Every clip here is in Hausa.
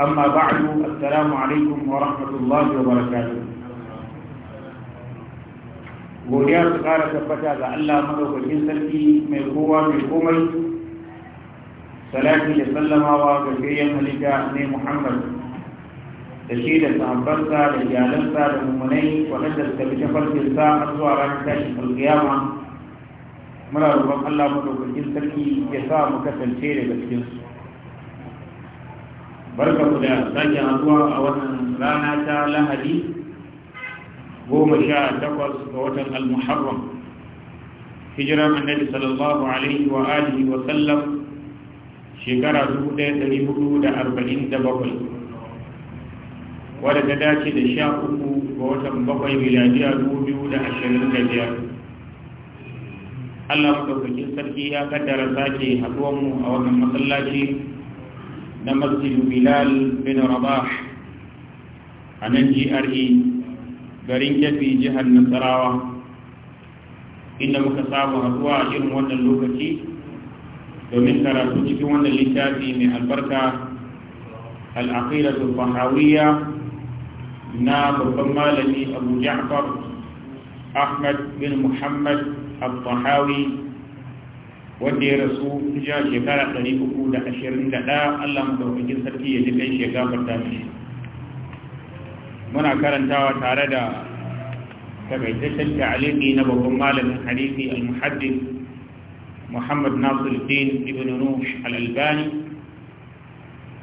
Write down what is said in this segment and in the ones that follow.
amma أما بعد السلام عليكم ورحمة الله وبركاته godiya su ƙara tabbata ga Allah madaukakin sarki mai kowa mai komai salati da sallamawa ga gayyan halitta ne Muhammad da shi da sahabbansa da iyalansa da mummunai wadanda suka bi tafarkinsa har zuwa ranar tashin kiyama muna roƙon Allah madaukakin sarki ya sa mu kasance daga cikinsu barka ku da sake haduwa a wannan rana ta lahadi goma sha takwas ga watan almuharram hijiran annabi sallallahu alaihi wa alihi wa sallam shekara bakwai. wadda ta dace da sha uku ga watan bakwai miladiya biyar Allah maɗaukakin sarki ya kaddara sake haduwanmu a wannan masallaci na masjid bilal bin rabah a nan GRE garin kefi jihar nasarawa inda muka saba haduwa a irin wannan lokaci domin karatu cikin wannan littafi mai albarka al'aqidatu fahawiyya na babban malami abu ja'far ahmad bin muhammad al-fahawi wanda ya rasu ya shekara 321 Allah madaukakin sarki ya ji kai shekafar ta mishi muna karantawa tare da takaitaccen ta'aliki na babban malamin hadisi al-muhaddis Muhammad din ibn Nuh al-Albani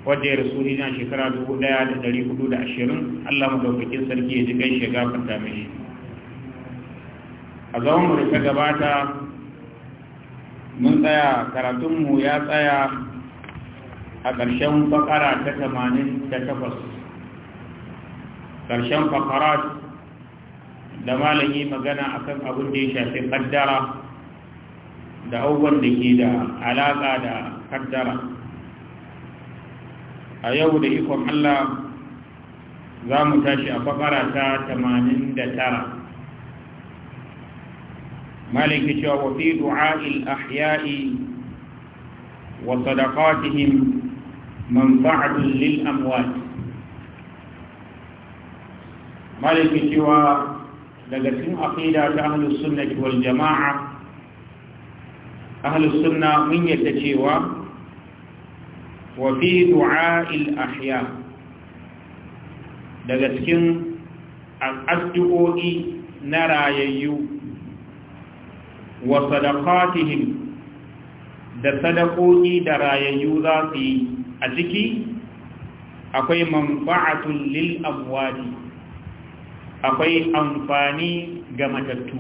wanda ya rasu ya shekara 1420 Allah madaukakin sarki ya ji kai shekafar ta mishi a zaman mu da ta gabata mun tsaya karatunmu ya tsaya a ƙarshen fakara ta tamanin da takwas ƙarshen fakara da malami magana a kan abin da ya shafi kaddara da abubuwan da ke da alaƙa da kaddara a yau da ikon Allah za mu tashi a fakara ta tamanin da tara مالك شاو في دعاء الأحياء وصدقاتهم منفعة للأموات مالك شاو لقسم أقيدة أهل السنة والجماعة أهل السنة من يتشيوى وفي دعاء الأحياء لقسم الأسجؤي نرايو wa sadaqatihim da sadakoki da rayayyu za su yi a ciki akwai manfa'atun lil amwali akwai amfani ga matattu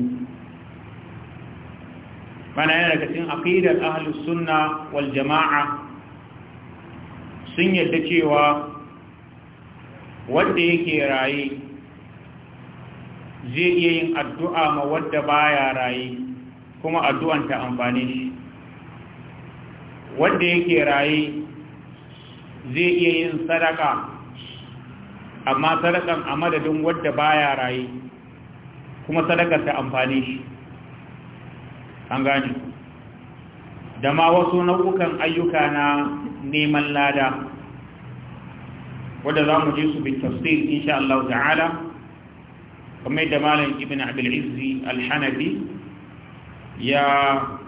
mana yana daga cikin aqidar ahlus sunna wal jama'a sun yadda cewa wanda yake raye zai iya yin addu'a ma wanda baya raye kuma addu'an ta amfane shi wanda yake raye zai iya yin sadaka amma sadakan a madadin wadda baya raye kuma sadakar ta amfane shi an gani da ma wasu nau'ukan ayyuka na neman lada wadda za mu je su bin tafsir insha Allah ta'ala Kuma da malamin ibn abdul izzi al-hanafi ya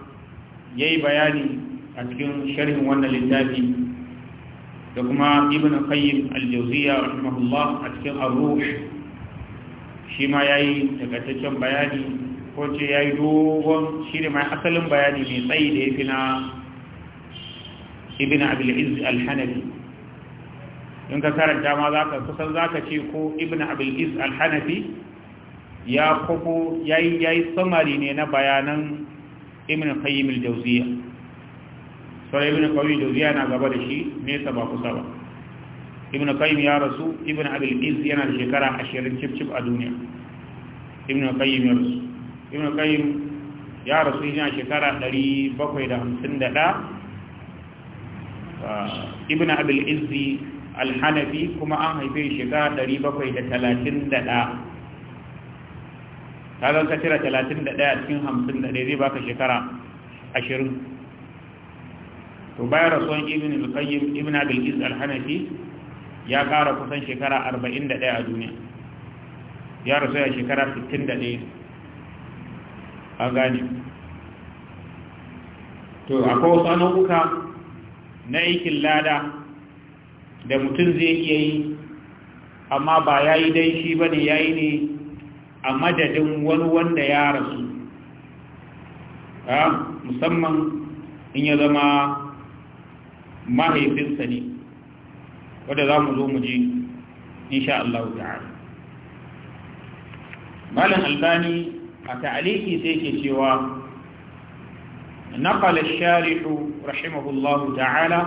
yayi bayani a cikin sharhin wannan littafi da kuma ibn qayyim al-jawziyya rahimahullah a cikin ar-ruh shi ma yayi takaitaccen bayani ko ce yayi dogon shi ne mai asalin bayani mai tsayi da yafi na ibn abul izz al-hanafi in ka karanta ma zaka kusan ka ce ko ibn abul izz al-hanafi ya kubu ya yi samari ne na bayanan ibn qayyim Jauziya. jawziyya sai ibn qayyim al na gaba da shi nesa ba kusa ba ibn qayyim ya rasu ibn abul yana da shekara ashirin cif cif a duniya ibn qayyim ya rasu ibn qayyim ya rasu yana shekara 751 ah, ibn abul izz al-hanafi kuma an haife shekara 731 kaga zan cire 31 cikin 51 zai baka shekara 20 to bayan rasuwan ibn al-qayyim ibn abil iz al-hanafi ya kara kusan shekara 41 a duniya ya rasu ya shekara 61 a gani to akwai wasu anuka na aikin lada da mutum zai iya yi amma ba ya yi dai shi ba ne ya yi ne a madadin wani wanda ya rasu musamman in ya zama mahaifinsa ne wadda za mu zo mu ji insha Allah ta'ala malam albani a ta'aliki sai ke cewa نقل الشارح رحمه الله تعالى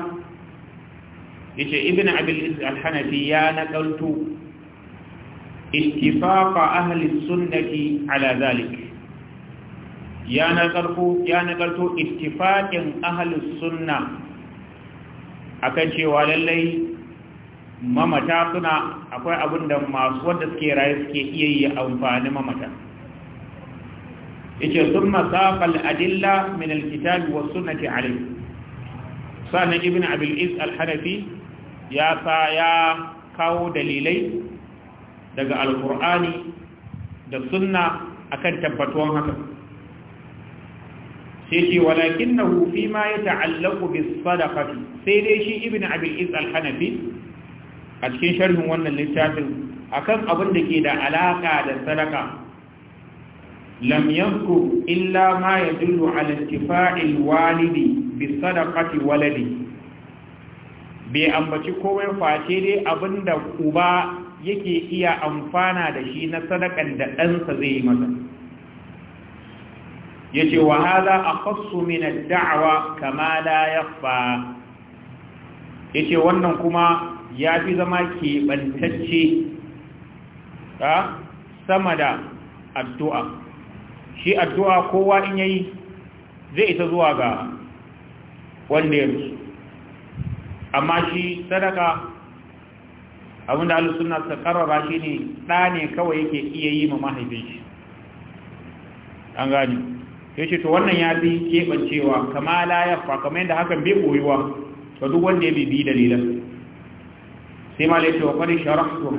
yace ibn abil al-hanafi ya nakalto ittifaqa ahli sunnati ala zalik ya nagarto ya nagarto ittifaqin sunna akan cewa lallai mamata suna akwai abin da masu wanda suke raye suke iya yi amfani mamata yace thumma saqa al-adilla min al-kitab wa sunnati alayh sana ibn abil is al-hanafi ya sa ya kawo dalilai daga alkur'ani da sunna akan tabbatuwan haka sai ce walakin na hufi ma ya ta'allaku bi sadaqati sai dai shi ibn abil is a cikin sharhin wannan littafin akan abin da ke da alaka da sadaka lam yanku illa ma ya ala intifa'il walidi bi sadaqati waladi bai ambaci kowai face dai abinda uba yake iya amfana da shi na sadakan da ɗansa zai yi masa ya ce wa haza a kwasu minar da'awa kama ya fa ya ce wannan kuma ya fi zama keɓantacce sama da addu'a shi addu'a kowa in yayi zai isa zuwa ga wanda ya amma shi sadaka abinda ahlus sunna suka karrara shine da ne kawai yake iya yi ma mahaifin shi an gani yace to wannan ya bi kebancewa kama la fa, kamar yadda hakan bai koyuwa to duk wanda ya bibi dalilan sai ma laita wa qad sharahtu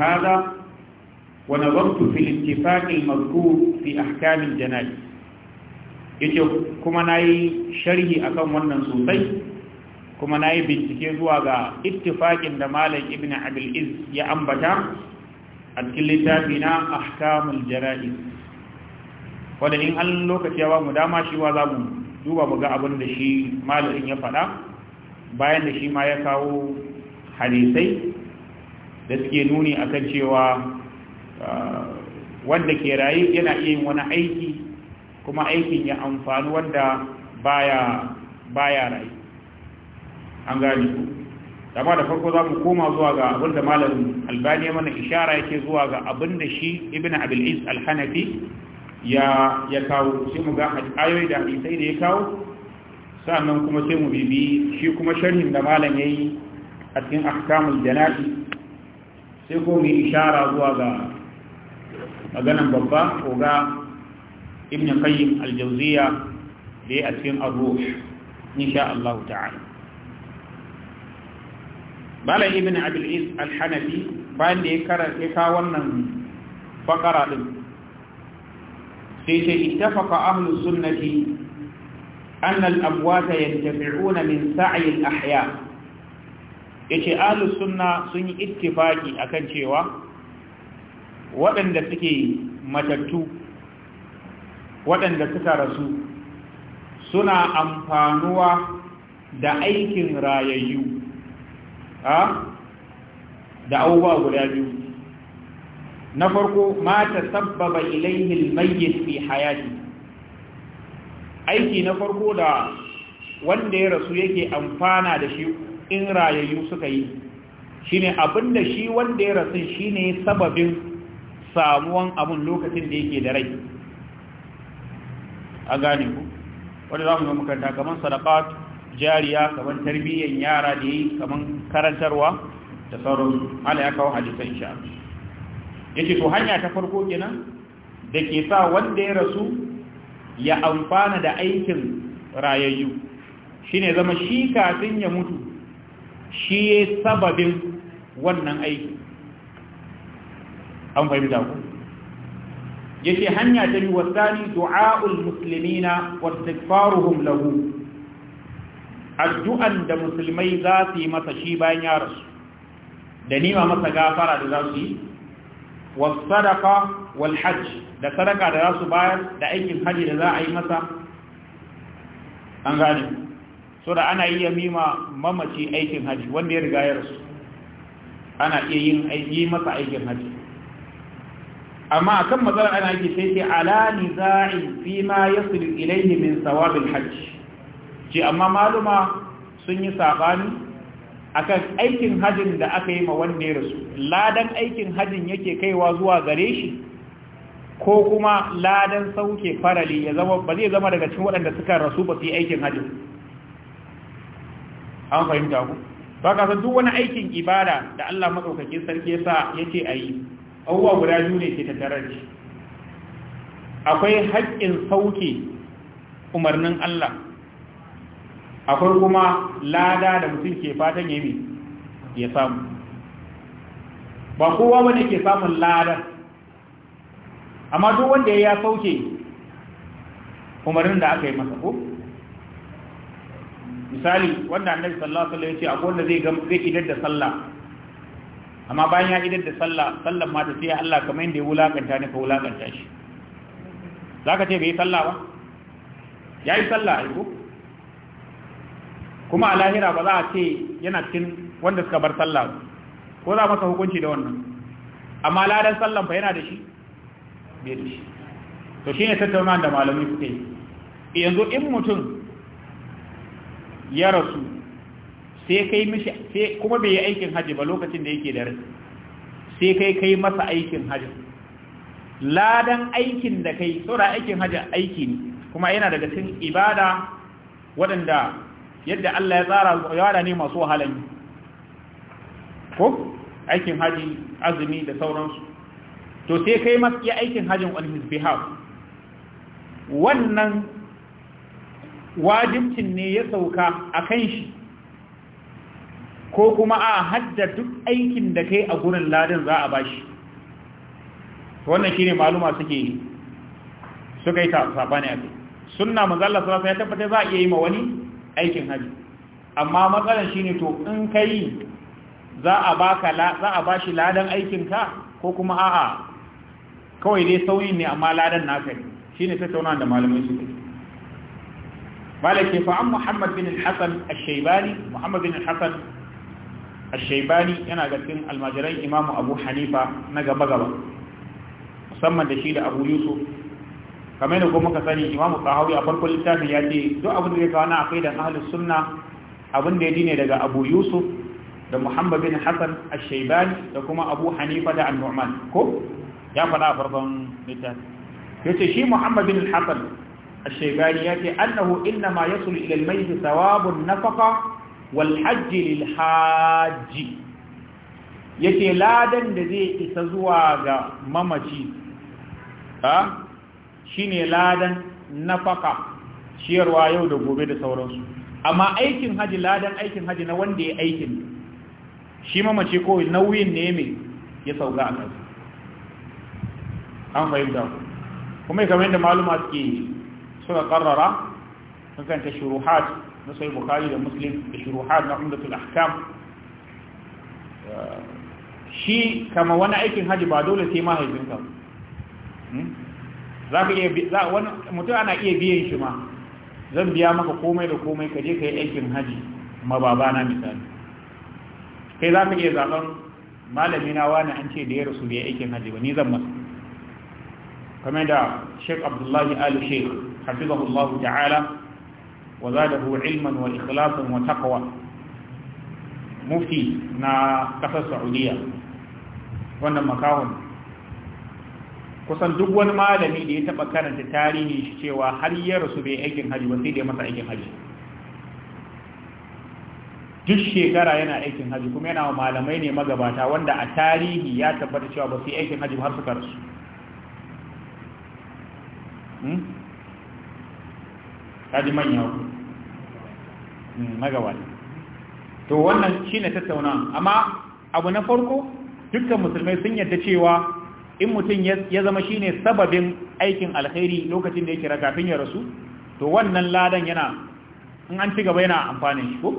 wa nazartu fi al-ittifaq al-madhkur fi ahkam al Ya yace kuma nayi sharhi akan wannan sosai kuma na yi bincike zuwa ga ittifaƙin da malam ibn abil'iz ya ambata a cikin littafi na ahkamul jara'i wadda in an lokaci ya ba mu dama shi wa za mu duba mu ga abin da shi malamin ya faɗa bayan da shi ma ya kawo hadisai da suke nuni a kan cewa ah, wanda ke rayu yana iya yin wani aiki kuma aikin ya amfani wanda baya baya raye an gani ku amma da farko za mu koma zuwa ga abin da malamin albani ya mana ishara yake zuwa ga abin da shi ibn abil is al-hanafi ya ya kawo sai mu ga ayoyi da hadisai da ya kawo sannan kuma sai mu bibi shi kuma sharhin da malam yayi a cikin ahkamul janabi sai ko mu ishara zuwa ga maganan babba ko ga ibn qayyim al-jawziya da ya cikin abu insha Allah ta'ala bala ibn abul is al-hanafi bayan da ya karanta ka wannan fakara din sai ce ittafaqa ahlus sunnati anna al-amwata yantafi'una min sa'i al-ahya yace ahlus sunna sun yi ittifaki akan cewa waɗanda suke matattu waɗanda suka rasu suna amfanuwa da aikin rayayyu a da abubuwa guda biyu na farko ma ta sabbaba ilaihi almayyit fi hayati aiki na farko da wanda ya rasu yake amfana da shi in rayayyu suka yi shine abinda shi wanda ya rasu shine sababin samuwan abun lokacin da yake da rai a gane ku wanda za mu makaranta kamar sadaqat jariya kaman tarbiyyar yara da yi kaman karantarwa da sauran ala ya kawo hadisa insha ya ce to hanya ta farko kenan da ke sa wanda ya rasu ya amfana da aikin rayayyu shi ne zama shi kafin ya mutu shi ya sababin wannan aiki an fahimta ku ya ce hanya ta biyu wasani du'a'ul musulmina wasu faruhun lahu addu'an da musulmai za su yi masa shi bayan ya rasu da nima masa gafara da za su yi wasadaka walhajj da sadaka da za su bayar da aikin haji da za a yi masa an gane so da ana iya mima mamaci aikin haji wanda ya riga ya rasu ana iya yin yi masa aikin haji amma akan matsalar ana yake sai sai ala niza'in fi ma yasul ilayhi min sawabil hajj ce amma maluma sun yi saɓani akan aikin hajjin da aka yi ma wanda ya rasu ladan aikin hajjin yake kaiwa zuwa gare shi ko kuma ladan sauke farali ya zama ba zai zama daga cikin waɗanda suka rasu ba su yi aikin hajjin an fahimta ku ba ka duk wani aikin ibada da Allah maɗaukakin sarki ya sa ya ce a yi abubuwa guda biyu ne ke tattare shi akwai haƙƙin sauke umarnin Allah akwai kuma lada da mutum ke fatan yi ya samu ba kowa wanda ke samun lada amma duk wanda ya sauke umarin da aka yi masa ko misali wanda annabi sallallahu alaihi wasallam ya ce akwai wanda zai ga zai idar da sallah amma bayan ya idar da sallah sallan ma ta sai Allah kamar yanda ya wulakanta ne ka wulakanta shi zaka ce bai sallah ba yayi sallah ai ko kuma a lahira ba za a ce yana cikin wanda suka bar sallah ko za masa hukunci da wannan amma ladan sallan fa yana da shi bai da shi to shine tattauna da malami suke yi yanzu in mutum ya rasu sai kai mishi sai kuma bai yi aikin haji ba lokacin da yake da rai sai kai kai masa aikin haji ladan aikin da kai saboda aikin haji aiki ne kuma yana daga cikin ibada waɗanda yadda Allah ya tsara yawada ne masu wahalan ko aikin haji azumi da sauransu to sai kai masu iya aikin hajjin on his behalf wannan wajibcin ne ya sauka a kan shi ko kuma a hadda duk aikin da kai a gurin ladin za a bashi wannan shine maluma suke suka yi ta sabani a kai sunna manzo Allah sallallahu alaihi wasallam ya tabbata za a iya yi ma wani aikin haji amma matsalar ne to in yi za a ba shi bashi ladan aikin ka ko kuma a'a kawai dai sauyin ne amma ladan naka ne shine tattaunawa da malamai su malaki fa fa'an Muhammad bin Hassan al-Shaybani Muhammad bin Hassan al-Shaybani yana ga almajiran Imam Abu Hanifa na gaba gaba musamman da shi da Abu Yusuf kamar da kuma ka sani imamu sahawi a farkon littafin ya ce duk abin da ya kawo na aqidan ahlus sunna abin da ya dine daga abu yusuf da muhammad bin Hassan ash-shaybani da kuma abu hanifa da an-nu'man ko ya faɗa a farkon littafin Ya ce shi muhammad bin hasan ash ya ce, annahu inna ma yasul ila al da thawabun nafaka wal hajj lil hajj yace ladan da zai isa zuwa ga mamaci shine ladan nafaka ciyarwa yau da gobe da sauransu amma aikin haji ladan aikin haji na wanda ya aikin shi mamace ko nauyin ne mai ya sauga a kansu an fahimta kuma kamar yadda maluma suke suka karrara sun kanta shuruhat na sai bukari da muslim da shuruhat na umdatul ahkam shi kama wani aikin haji ba dole sai mahaifinka za ka iya wani mutum ana iya biyan shi ma zan biya maka komai da komai ka je ka yi aikin haji ma babana misali kai za ka iya zaɓen malami na wani an ce da ya rasu ya aikin haji ba ni zan masa kamar da sheik abdullahi ali sheik hafizahullahu ta'ala wa zadahu ilman wa ikhlasan wa taqwa mufti na kasar saudiya wannan makahon kusan duk wani malami da ya taba karanta tarihi shi cewa har ya rasu bai aikin hajji ba sai da ya masa aikin hajji. duk shekara yana aikin hajji kuma yana wa malamai ne magabata wanda a tarihi ya tabbata cewa ba su yi aikin ba har suka rasu hmm? kaji manya ku hmm, magabata to wannan shi ne tattauna amma abu na farko dukkan musulmai sun yarda cewa in mutum ya zama shine sababin aikin alkhairi lokacin da yake kafin ya rasu to wannan ladan yana in an ci gaba yana amfanin shi ko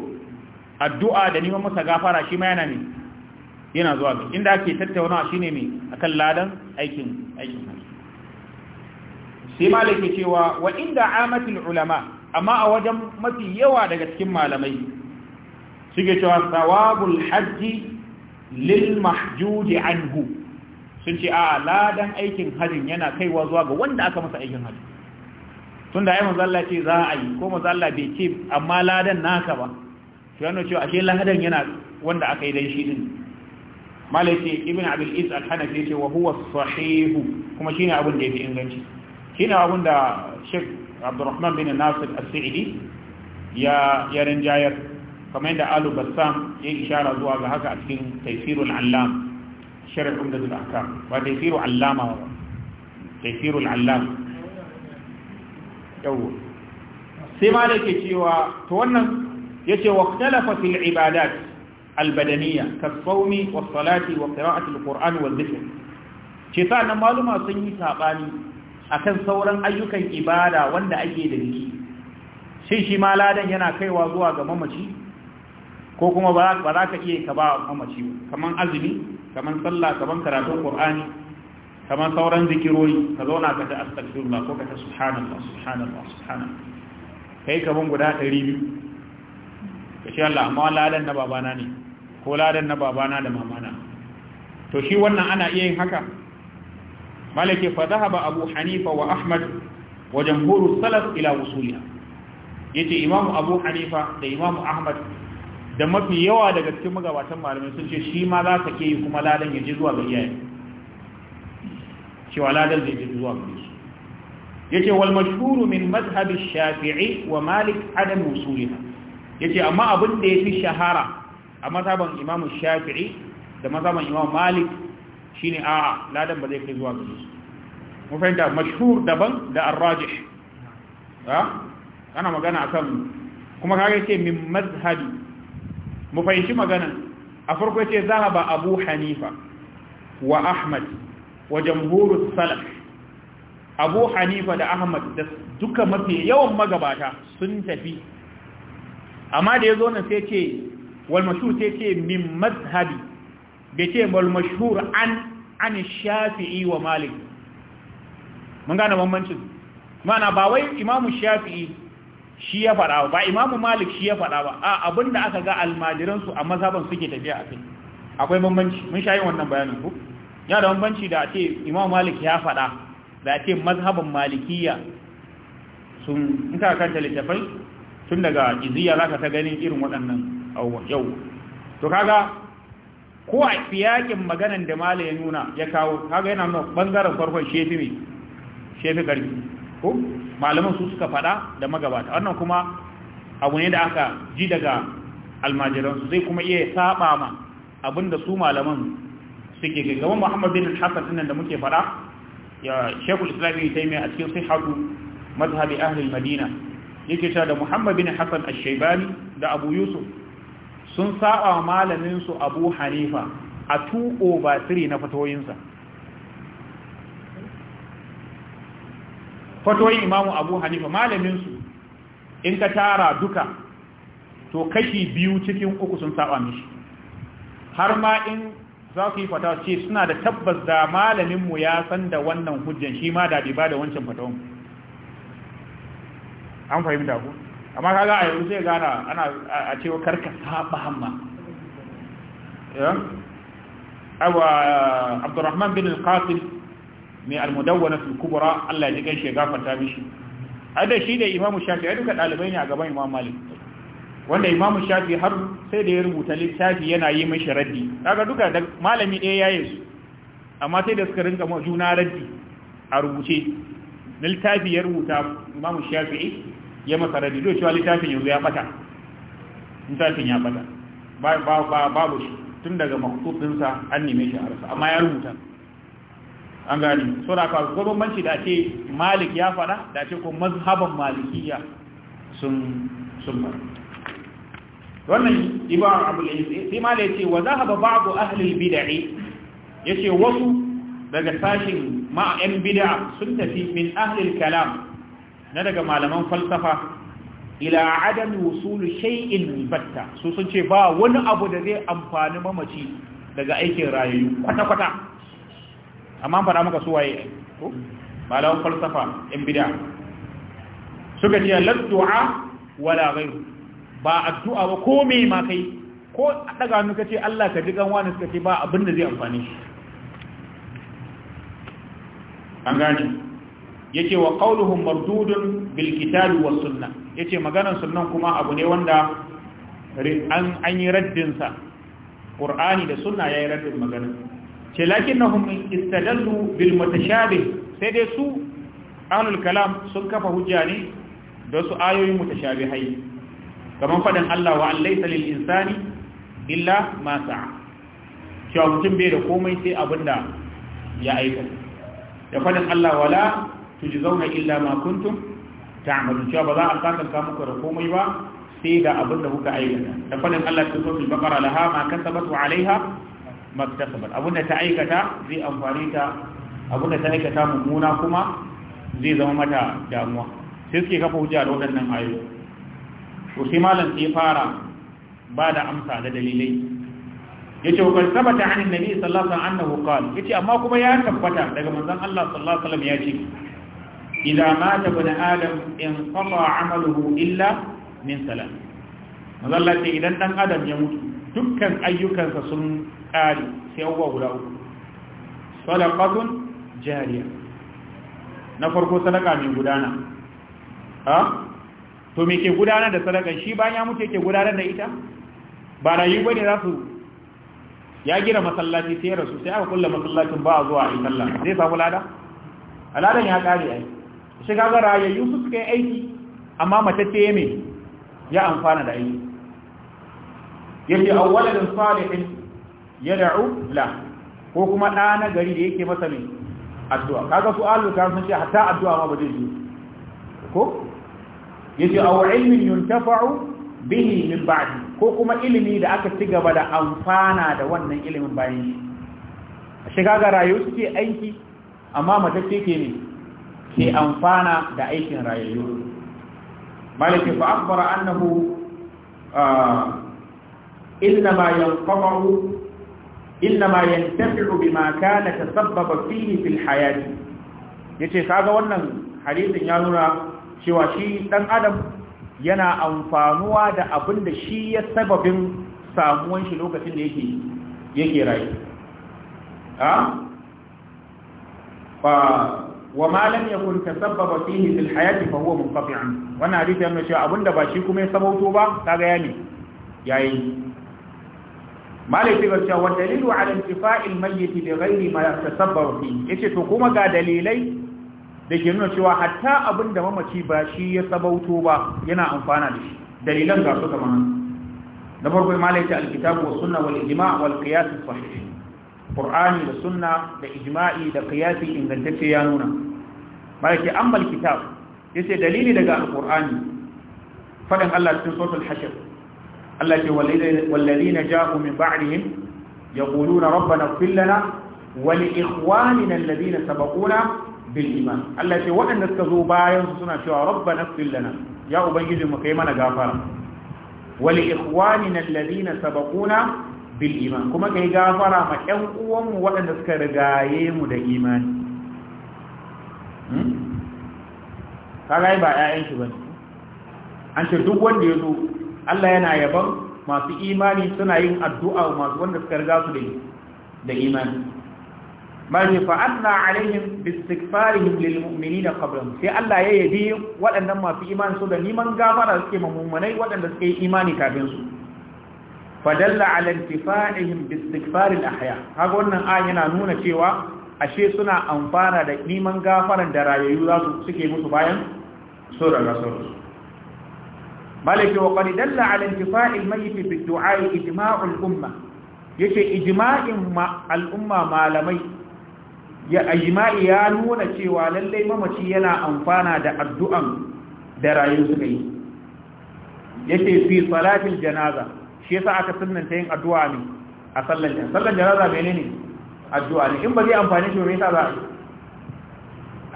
addu'a da neman masa gafara shi ma yana ne yana zuwa ga inda ake tattauna shine me akan ladan aikin aikin sai malike cewa wa inda amatul ulama amma a wajen mafi yawa daga cikin malamai suke cewa sawabul hajji lil mahjuji anhu sun ce a ladan aikin hajjin yana kaiwa zuwa ga wanda aka masa aikin hajji tun da ya mazalla ce za a yi ko mazalla bai ce amma ladan naka ba shi yana cewa ashe ladan yana wanda aka yi dan shi din malai ce ibn abil is al-hanafi ce wa huwa sahihu kuma shine abin da fi inganci shine abin da sheikh abdurrahman bin nasir as-sa'idi ya ya jayar. kamar yadda alu bassam ya ishara zuwa ga haka a cikin tafsirul Allah. sharh umdatul ahkam ba tafsiru allama ba tafsiru allama yawo sai ma da ke cewa ta wannan yace waqtalafa fil ibadat albadaniyya kasawmi was salati wa qira'ati alquran wal dhikr ce na maluma sun yi sabani akan sauran ayyukan ibada wanda ake da jiki shi shi ma ladan yana kaiwa zuwa ga mamaci ko kuma ba za ka iya ka ba mamaci Kamar azumi kamar sallah kamar karatun qur'ani kamar sauran zikirori ka zauna ka ta astaghfirullah ko ka ta subhanallah subhanallah subhanallah kai kaman guda 200 kace Allah amma ladan na babana ne ko ladan na babana da mamana to shi wannan ana iya yin haka malaki fa dhahaba abu hanifa wa ahmad wa jamhurus salaf ila wusuliha yace imam abu hanifa da imam ahmad da mafi yawa daga cikin magabatan malamai sun ce shi ma za ka ke yi kuma ladan ya je zuwa ga iyaye cewa ladan zai je zuwa ga su yace wal mashhuru min madhhab shafi'i wa malik adam usuliha yace amma abin da yafi shahara a mazhaban imamu shafi'i da mazhaban imamu malik shine a'a ladan ba zai kai zuwa ga su mun fahimta mashhur daban da arrajih rajih ha kana magana akan kuma kage ce min madhhabi mu fahimci magana a farko yace zahaba abu hanifa wa ahmad wa jamhuru salaf abu hanifa da ahmad da duka mafi yawan magabata sun tafi amma da ya zo nan sai ce wal mashhur sai ce min mazhabi bai ce wal mashhur an an shafi'i wa malik mun gane bambancin mana ba wai imamu shafi'i shi ya faɗa ba imamu malik shi ya faɗa ba a abinda aka ga almajiransu a mazhaban suke tafiya a kai akwai bambanci mun sha yin wannan bayanin ku ya da bambanci da ce imamu malik ya faɗa da ce mazhaban malikiya sun in ka kanta littafai tun daga iziya ka ta ganin irin waɗannan yau to kaga ko a fiyakin maganan da malam ya nuna ya kawo kaga yana nuna bangaren farkon shefi mai shefi karfi ko malaman su suka faɗa da magabata wannan kuma abu ne da aka ji daga almajiransu zai kuma iya saba ma abinda su malaman suke gaggaban muhammad bin hassan din da muke faɗa ya shekul islam ta yi mai a cikin sai haɗu mazhabi madina yake cewa da muhammad bin hassan ashaibani da abu yusuf sun saba malamin su abu hanifa a tuko batiri na fatoyinsa fatoyin imamu abu hanifa malaminsu in ka tara duka to kashi biyu cikin uku sun saba mishi har ma in za ku yi fata ce suna da tabbas da malaminmu ya san da wannan hujjan shi ma da bai ba da wancan fatawan an fahimta ku amma kaga a yanzu sai gana ana a cewa karka saba hamma abu abdurrahman bin al-qasim mai almudawwanatul kubura Allah ya kai shi ta mishi ada shi da imamu shafi ya duka ɗalibai ne a gaban imam malik wanda imamu shafi har sai da ya rubuta littafi yana yi mashi raddi kaga duka da malami ɗaya ya yi su amma sai da suka rinka juna raddi a rubuce littafi ya rubuta imamu shafi ya masa raddi zai cewa littafin yanzu ya bata littafin ya bata babu shi tun daga makhsus ɗinsa an neme shi a rasa amma ya rubuta an gani so da kawai ko bambanci da ce malik ya fada da ce ko mazhaban malikiya sun sun wannan ibn abul sai malik ce wa zahaba ba'd ahli bid'i yace wasu daga sashin ma'an bid'a sun tafi min ahli kalam na daga malaman falsafa ila adam wusul shay'in batta su sun ce ba wani abu da zai amfani mamaci daga aikin rayu kwata-kwata amma fara maka su waye malaman falsafa in bid'a suka ce la du'a wala ghairu ba addu'a ba ko me ma kai ko a daga hannu kace Allah ka ji ganwa suka ce ba abin da zai amfani shi an gani yake wa qauluhum mardudun bil kitabi was sunnah yace maganar sunnan kuma abu ne wanda an an yi raddin sa qur'ani da sunna yayi raddin maganar ce lakinnahum istadallu bil mutashabih sai dai su ahlul kalam sun kafa hujja ne da su ayoyin mutashabihai kamar fadan Allah wa allaysa lil insani illa ma sa'a cewa mutum bai da komai sai abinda ya aikata da fadan Allah wala tujzauna illa ma kuntum ta'malun cewa ba za a saka ka muku da komai ba sai da abinda kuka aikata da fadan Allah cikin sura al-baqara laha ma kasabat wa alaiha maktasabat abinda ta aikata zai amfani ta abinda ta aikata mummuna kuma zai zama mata damuwa sai suke kafa hujja da waɗannan ayoyi to sai malam sai fara ba da amsa da dalilai yace wa sabata an annabi sallallahu alaihi wasallam annahu qala yace amma kuma ya tabbata daga manzon Allah sallallahu alaihi wasallam ce. idan mata bin adam in qata amaluhu illa min salat manzon Allah ce idan dan adam ya mutu dukkan ayyukansa sun ƙari sai abubuwa guda uku sadakatun jariya na farko sadaka mai gudana ha to me ke gudana da sadaka shi bayan ya mutu yake gudanar da ita ba rayu ne za su ya gina masallaci sai rasu sai aka kulla masallacin ba zuwa a sallah zai samu lada aladan ya kare ai shi ga rayayyu su suka yi aiki amma matattaye me ya amfana da aiki yace awwalan salihin da'u la ko kuma ɗa na gari da yake masa ne addu'a kaga su alu kan sun ce hatta addu'a ma ba zai yi ko yace aw ilmin yuntafa'u bihi min ba'di ko kuma ilimi da aka ci gaba da amfana da wannan ilimin bayan shi shiga ga rayu suke aiki amma matakke ke ne ke amfana da aikin rayayyu malikin fa akbara annahu ah, إنما ينقطع إنما ينتفع بما كان تسبب فيه في الحياة yace kaga wannan hadisin ya nuna cewa shi dan adam yana amfanuwa da abin da shi ya sababin samuwan shi lokacin da yake yake rayu ha fa wa ma lam yakun tasabbaba fihi fil hayati fa huwa munqati'an wannan hadisi yana cewa abinda ba shi kuma ya sabauto ba kaga yani yayi malai sai gaskiya wa dalilu ala intifa'il mayyit bi ghairi ma yatasabbaru fi yace to kuma ga dalilai da ke nuna cewa hatta abin da mamaci ba shi ya sabauto ba yana amfana da shi dalilan ga su kamar na farko malai alkitabu was sunna wal ijma' wal qiyas da sunna da ijma'i da qiyasi ingantacce ya nuna malai ta amma alkitab yace dalili daga alqur'ani Faɗin Allah cikin suratul hashr Allah ce wallazina ja'u min ba'dihim yaquluna rabbana ighfir lana wa li ikhwanina alladhina sabaquna bil iman Allah ce waɗanda suka zo bayan su suna cewa rabbana ighfir lana ya ubangiji mu kai mana gafara wa li ikhwanina alladhina sabaquna bil iman kuma kai gafara ma ƴan uwanmu waɗanda suka rigaye mu da imani hmm? kaga ba ƴaƴan ba. bane duk wanda ya zo Allah yana yaban masu imani suna yin addu'a masu wanda suka riga su da imani bari fa'adna anna alaihim bistighfarihim lil da qablahum sai Allah ya yabi waɗannan masu imani su da niman gafara suke mummunai waɗanda suke imani kafin su fadalla ala intifa'ihim bistighfaril ahya haka wannan ayan yana nuna cewa ashe suna amfana da niman gafaran da rayayyu za su suke musu bayan sura rasul malaki wa qad dalla ala intifa'i al-mayyit bi du'a ijma'u al-umma yace ijma'in al-umma malamai ya ijma'i ya nuna cewa lalle mamaci yana amfana da addu'an da rayu su kai yace fi salatil janaza shi yasa aka sunnanta yin addu'a ne a sallar janaza sallar janaza menene addu'a ne in ba zai amfane shi ba me yasa za a yi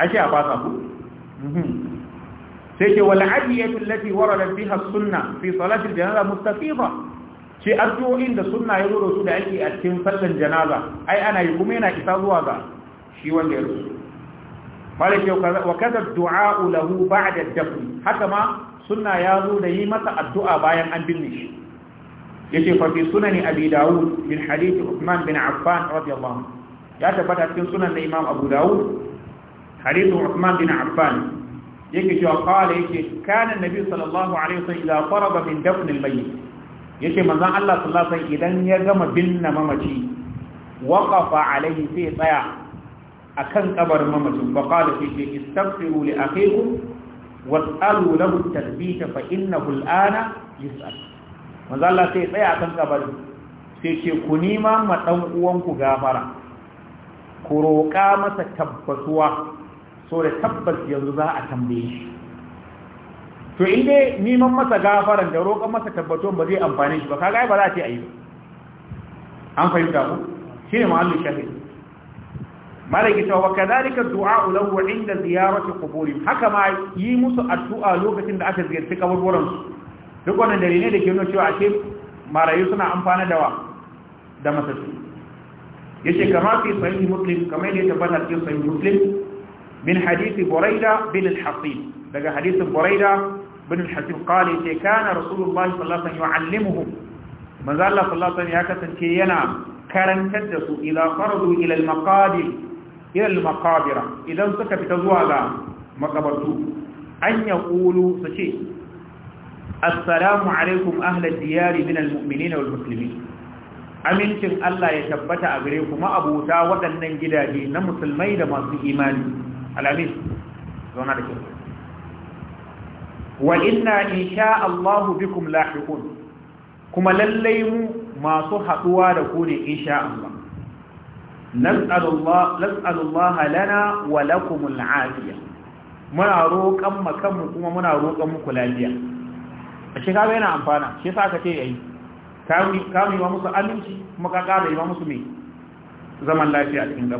ake a fasa ku mhm. sai ce wal adiyatu allati waradat biha sunna fi salati janaza mustafiza ce addu'o'in da sunna ya zo da su da ake a cikin sallan janaza ai ana yi kuma yana isa zuwa ga shi wanda ya rusu malaka wa kaza du'a lahu ba'da dafn haka ma sunna ya zo da yi masa addu'a bayan an binne shi yace fa fi sunani abi daud min hadith uthman bin affan radiyallahu ya tabbata cikin sunan na imam abu daud hadith uthman bin affan yake cewa qala yake kana nabi sallallahu alaihi wasallam idza faraba min dafn al yake manzon Allah sallallahu alaihi wasallam idan ya gama binne mamaci waqafa alaihi sai tsaya akan kabar mamacin fa qala fi shi istaghfiru li akhikum was'alu lahu at-tathbita fa innahu al-ana yus'al manzon Allah sai tsaya akan kabarin sai ce ku nima ma dan uwanku gafara ku roƙa masa tabbatuwa so da tabbas yanzu za a tambaye shi to in dai neman masa gafaran da roƙon masa tabbaton ba zai amfane shi ba kaga ba za a ce a yi an fahimta ku shi ne ma'allu shahid malaki ta wa kadhalika du'a'u lahu inda ziyarati quburi haka ma yi musu addu'a lokacin da aka ziyarci kaburburan su duk wannan dalilai da ke nuna cewa ce. marayu suna amfana da wa da matattu yace kamar fi sahih muslim kamar yadda tabbata cikin sahih muslim min hadisi buraida bin al daga hadisin buraida bin al-hasib qala ce kana rasulullahi sallallahu alaihi wasallam yu'allimuhum manzo ya kasance yana karantar da su idza faradu ila al idan suka fita zuwa ga makabartu an yaqulu su ce assalamu alaikum ahlal diyari min al-mu'minina wal muslimin amincin Allah ya tabbata a gare ku ma'abuta waɗannan gidaje na musulmai da masu imani alhamis zauna da kyau wa inna insha Allahu bikum kuma lallai mu masu haɗuwa da ku ne insha Allah nas'alullaha lana wa lakumul afiya muna roƙan makanmu kuma muna roƙan muku lafiya a shi kaga amfana shi yasa ce yayi kawo yi wa musu aminci kuma ka ƙara yi wa musu mai zaman lafiya cikin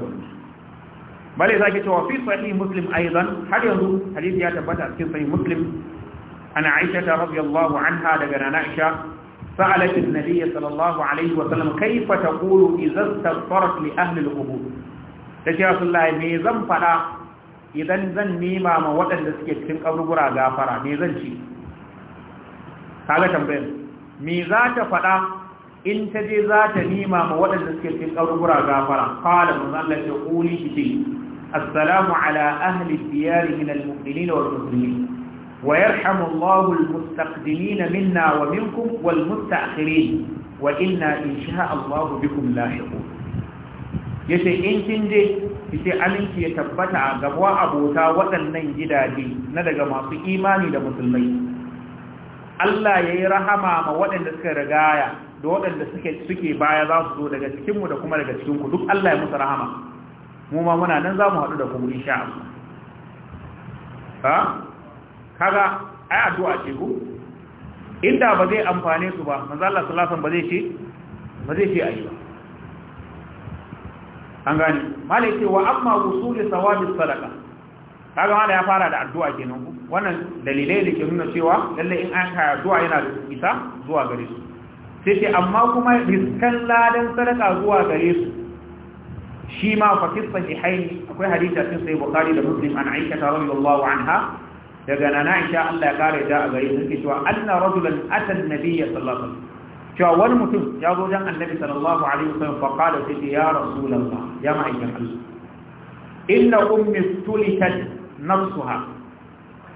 bale zaki cewa fi sahih muslim aidan har yanzu hadisi ya tabbata a cikin sahih muslim ana aisha radiyallahu anha daga nana aisha sa'alat an sallallahu alaihi wa sallam kayfa taqulu idza istaghfarat li ahli al-qubur tace rasulullahi me zan fada idan zan nema ma waɗanda suke cikin kaburbura gafara me zan ci kaga tambayar me za ta fada in ta je za ta nima ma waɗanda suke cikin ƙarubura gafara kala manzo Allah ya kuli shi السلام على أهل الديار من المؤمنين والمسلمين ويرحم الله المستقدمين منا ومنكم والمستأخرين وإنا إن شاء الله بكم لاحقون yace in kin je yace aminci ya tabbata a gaba abota waɗannan gidaje na daga masu imani da musulmai Allah yayi rahama ma waɗanda suka rigaya da waɗanda suke suke baya za su zo daga cikin mu da kuma daga cikin ku duk Allah ya musu rahama mu ma muna nan za mu haɗu da kuma insha Allah ha kaga ai addu'a ce ku inda ba zai amfane su ba manzo Allah sallallahu alaihi wasallam ba zai ce ba zai ce ayi ba an gani malai ce wa amma wusuli sawabi sadaqa kaga mala ya fara da addu'a kenan ku wannan dalilai da ke nuna cewa lalle in an kai addu'a yana da isa zuwa gare su sai ce amma kuma riskan ladan sadaka zuwa gare su shi ma fa fi sahihain akwai hadisi cikin sahih bukhari da muslim an aisha allahu anha daga nana aisha Allah ya kare ta a gare ta take cewa anna rajulan ata an-nabiyya sallallahu alaihi wasallam cewa wani mutum ya zo jan annabi sallallahu alaihi wasallam fa qala sai ya rasulullah ya ma'aikin Allah inna ummi tulitat nafsuha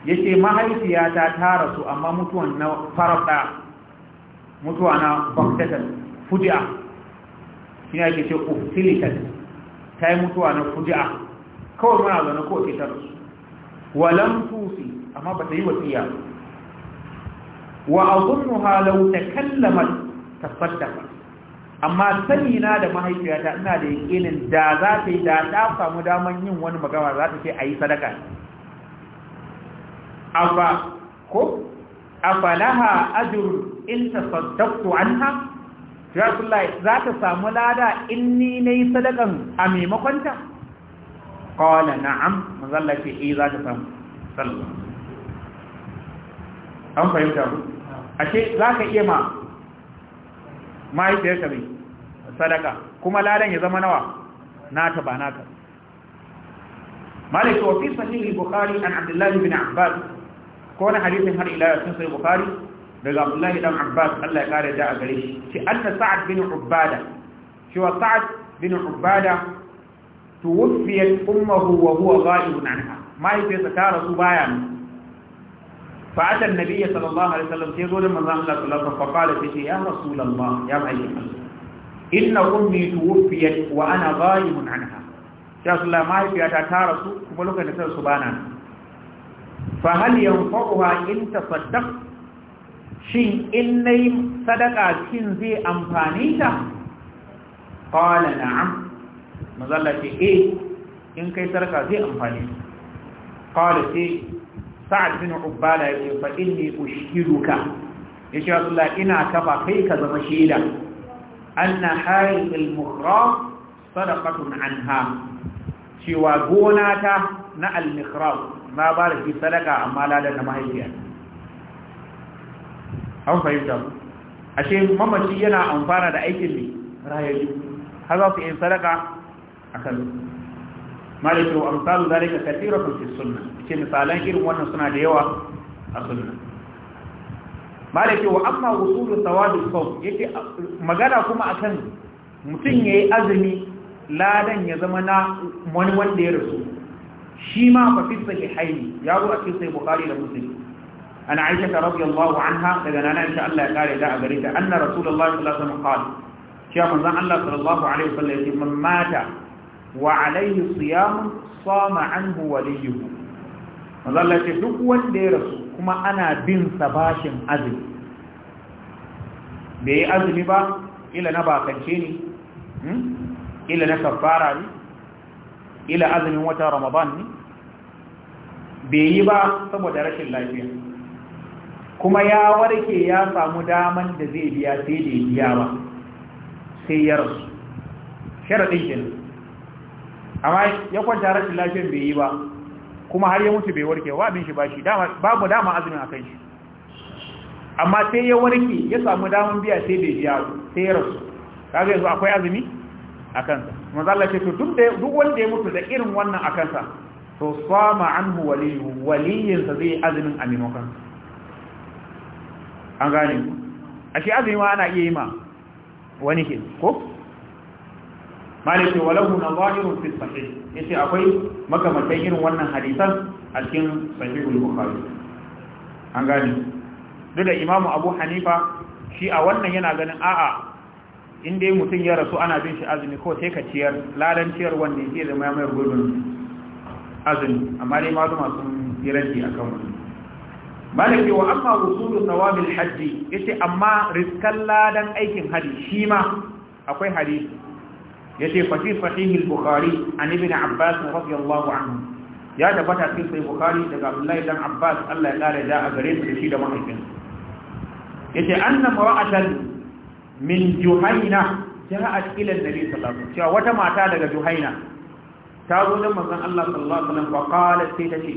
yace mahaifiyata ta rasu amma mutuwan na farada mutuwa na baktatan fudia shi ne ake ce uftilitat ta yi mutuwa na fuji'a kawai muna zaune ko ke ta Walan tusi amma ba ta yi wasiya wa azunnuha law takallamat tasaddaqa amma sani na da mahaifiyata ina da yakinin da za ta yi da ta samu daman yin wani magana za ta ce ayi sadaka afa ko afalaha ajr in tasaddaqtu anha ya za ta samu lada in ni na yi sadakan a maimakonta kawala na'am mazalla ce eh za ta samu sallu an fahimta ku ashe za ka iya ma fiye mai sadaka kuma ladan ya zama nawa nata ba naka malik wa fi sahihi bukhari an abdullahi bin abbas ko na hadithin har ila sun sai bukhari daga Abdullahi dan Abbas Allah ya kare da a gare shi ci anna Sa'ad bin Ubada shi wa Sa'ad bin Ubada tuwfiyat ummuhu wa huwa ghaibun anha mai fi ta su baya fa ata annabi sallallahu alaihi wasallam sai gode manzo Allah sallallahu alaihi wasallam fa qala ya rasulullah ya mai inna ummi tuwfiyat wa ana ghaibun anha ya mai fi ta tara su kuma lokacin da su bana fa hal yanfa'uha in tasaddaqta shin in na yi sadaka cin zai amfani ta ƙwala na'am mazalla ce e in kai sadaka zai amfani ƙwala ce sa'ad bin ubbala ya ce fa'in ne ku shiru ka. ya ce wasu ina kafa kai ka zama shaida an na harin ilmukhra sadakatun an ha cewa gona ta na almukhra na ba da shi sadaka amma ladar na mahaifiya an fahimta ku ashe mamaci yana amfana da aikin ne rayayyu har za su yi sadaka a kan malaki wa amsalu zalika kathiratun fi sunna ce misalan irin wannan suna da yawa a sunna malaki wa amma wusulu sawabi sawm yake magana kuma akan mutum yayi azumi ladan ya zama na wani wanda ya rasu shi ma fa fi sahihaini ya zo a sai bukhari da muslim Ana aisha radiyallahu anha daga nana insha Allah ya kare da a gare ta anna rasulullahi sallallahu alaihi wasallam qala cewa manzon Allah sallallahu alaihi wasallam yake man mata wa alaihi siyam sama anhu waliyuhu manzon Allah duk wanda ya rasu kuma ana bin sa bashin azumi bai yi azumi ba ila na bakance ne ila na kafara ne ila azumin wata ramadan bai yi ba saboda rashin lafiya kuma ya warke ya samu daman da zai biya sai da biya ba sai ya rasu sharaɗin shi amma ya kwanta rashin lafiyar bai yi ba kuma har ya mutu bai warke ba abin shi ba shi babu dama azumin a kan shi amma sai ya warke ya samu daman biya sai da biya sai ya rasu kaga yanzu akwai azumi a kansa mazalla ce to duk wanda ya mutu da irin wannan a kansa to sama anhu waliyinsa zai azumin a maimakonsa an gane ku a shi azumi ma ana iya yi ma wani ke ko malik ce walahu nazahirun fi sahih yace akwai makamantan irin wannan hadisan a cikin sahihul bukhari an gane duk da imamu abu hanifa shi a wannan yana ganin a'a in dai mutum ya rasu ana bin shi azumi ko sai ka ciyar ladan ciyar wanda yake zama ya mai gudun azumi amma dai ma zuma sun yi ranti akan wannan malaki wa amma rusulu sawabil hajji yace amma riskan ladan aikin haji shi ma akwai hari. yace fa fi al-bukhari an ibn abbas radiyallahu anhu ya tabbata cikin sahih bukhari daga abdullahi dan abbas Allah ya kare da a gare shi da mahaifin yace anna mar'atan min juhayna ja'at ila an-nabi sallallahu alaihi wasallam wata mata daga juhayna ta zo da manzon Allah sallallahu alaihi wasallam fa qalat sai ta ce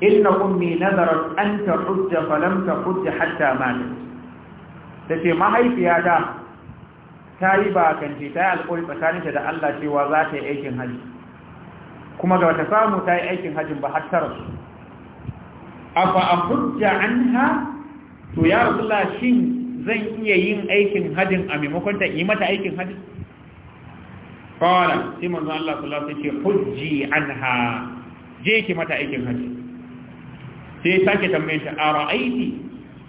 inna ummi nazarat an tahujja falam hujja, hatta matat tace mahaifiyata ta yi ba kance ta yi alƙawari tsakaninta da Allah cewa za ta yi aikin haji kuma ga wata samu ta yi aikin hajin ba har tara su afa hujja anha to ya rasulullah shin zan iya yin aikin hajin a maimakon ta yi mata aikin hajin qala sai manzo Allah sallallahu alaihi wasallam ce hujji anha je ki mata aikin hajji sai sake tambaye shi a ra'aiti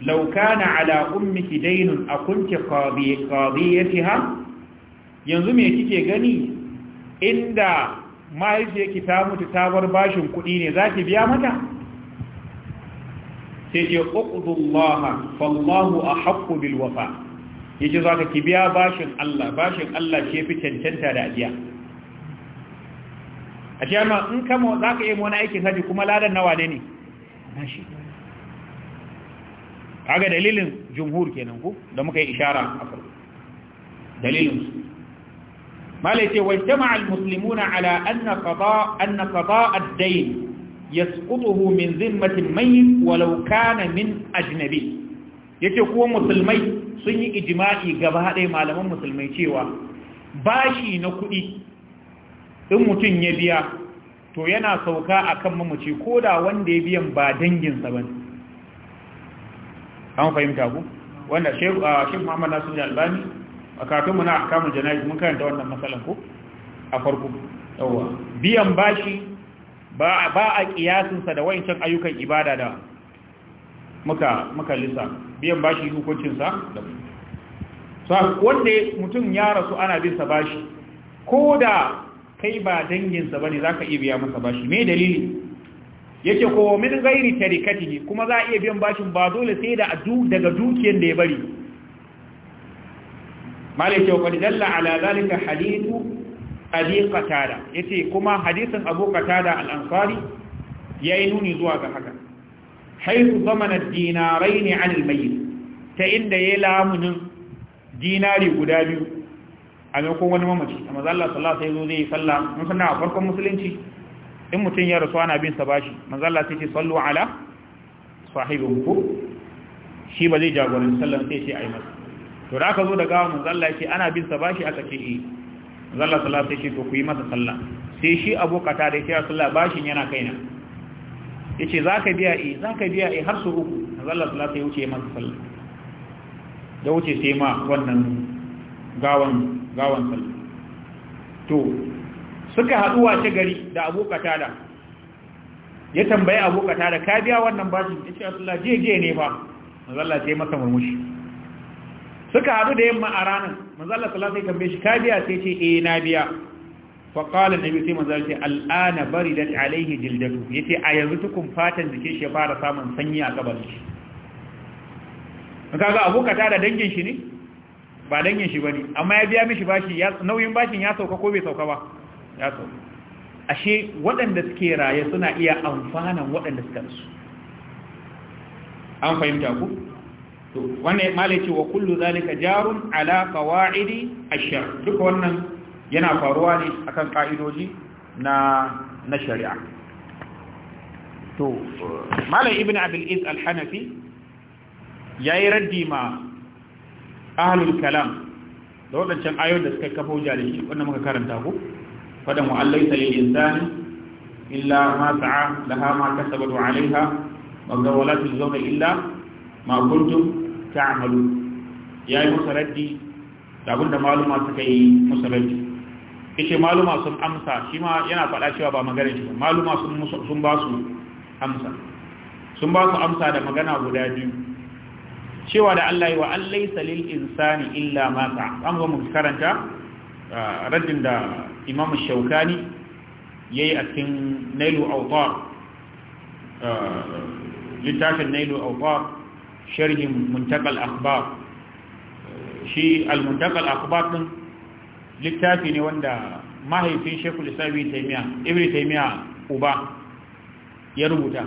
law kana ala ummiki dainun a kunti ha? yanzu me kike gani inda mahaifiyarki ta mutu ta bashin kuɗi ne za ki biya mata sai ce uqdullaha fallahu ahqqu bil wafa za ka ki biya bashin Allah bashin Allah ce fi cancanta da ajiya a ce amma in kama zaka yi wani aikin haji kuma ladan nawa ne ne nashi kaga dalilin jumhur kenan ku da muka yi ishara a farko dalilin su malai ce wajtama almuslimuna ala anna qada anna qada ad-dayn yasqutuhu min zimmatin mayyit walau kana min ajnabi yace kuwa musulmai sun yi ijma'i gaba ɗaya malaman musulmai cewa bashi na kuɗi in mutum ya biya to yana sauka a kan mamaci ko da wanda ya biyan ba danginsa ba an fahimta ku wanda shi ah, muhammad nasu albani a kafinmu na kamun janayi mun karanta wannan matsalan ku a farko yawwa biyan bashi ba a kiyasinsa da wayancan ayyukan ibada da muka lisa. lissa biyan bashi hukuncinsa da so wanda mutum ya rasu ana bin sa bashi ko da kai ba danginsa bane zaka iya biya masa bashi me dalili yake ko min gairi tarikati kuma za a iya biyan bashin ba dole sai da daga dukiyar da ya bari malai ko wa dalla ala zalika hadithu abi qatada yace kuma hadithin abu qatada al-ansari yayi nuni zuwa ga haka haythu zamana dinarain an al-mayyit ta inda yayi lamunin dinari guda biyu a ko wani mamaci a mazalla sallah sai zo zai sallah mun sanna a farkon musulunci in mutum ya rasu ana bin sa bashi mazalla sai ce sallu ala sahibin ku shi ba zai jagorin sallan sai ce ai masa to da aka zo da gawa mazalla ce ana bin sa bashi aka ce eh mazalla sallah sai ce to ku yi masa sallah sai shi abokata da ya sallah bashin yana kaina yace zaka biya eh zaka biya eh har su uku mazala sallah sai wuce masa sallah da wuce sai ma wannan gawan gawan sallah to suka haɗu wace gari da abu katada ya tambaye abu katada ka biya wannan bashin ya ce Allah je je ne ba mazalla sai masa murmushi suka haɗu da yamma a ranar mazalla sallallahu alaihi tambaye shi ka biya sai ce eh na biya fa qala nabi sai manzo ce al'ana baridat alaihi jildatu yace a yanzu tukun fatan jikin shi ya fara samun sanyi a gaban shi kaga abu katada dangin shi ne ba dangin shi bane amma ya biya mishi bashi ya nauyin bashin ya sauka ko bai sauka ba ya sauka ashe waɗanda suke raye suna iya amfanan waɗanda suka rasu an fahimta ku to wannan malai ce wa kullu zalika jarun ala qawaidi ashar duka wannan yana faruwa ne akan ka'idoji na na shari'a to malai ibnu abul is al-hanafi yayi raddi ma ahlul kalam da waɗancan ayoyin da suka kafa wuja da shi wanda muka karanta ku fadan wa allaisa lil insani illa ma sa'a laha ma kasabat wa alaiha magawalatul zawna illa ma kuntum ta'malu yi musa raddi da abinda maluma suka yi musa raddi yace maluma sun amsa shi ma yana faɗa cewa ba magana shi maluma sun sun ba su amsa sun ba su amsa da magana guda biyu cewa da Allah yi wa Allah laisa lil insani illa ma an ba mu karanta raddin da Imam Shaukani yi a cikin Nailu autar littafin Nailu autar sharhin muntakal Akhbar shi al-Muntaqal Akhbar din littafi ne wanda mahaifin shekul lissabi taimiya ibri taimiya uba ya rubuta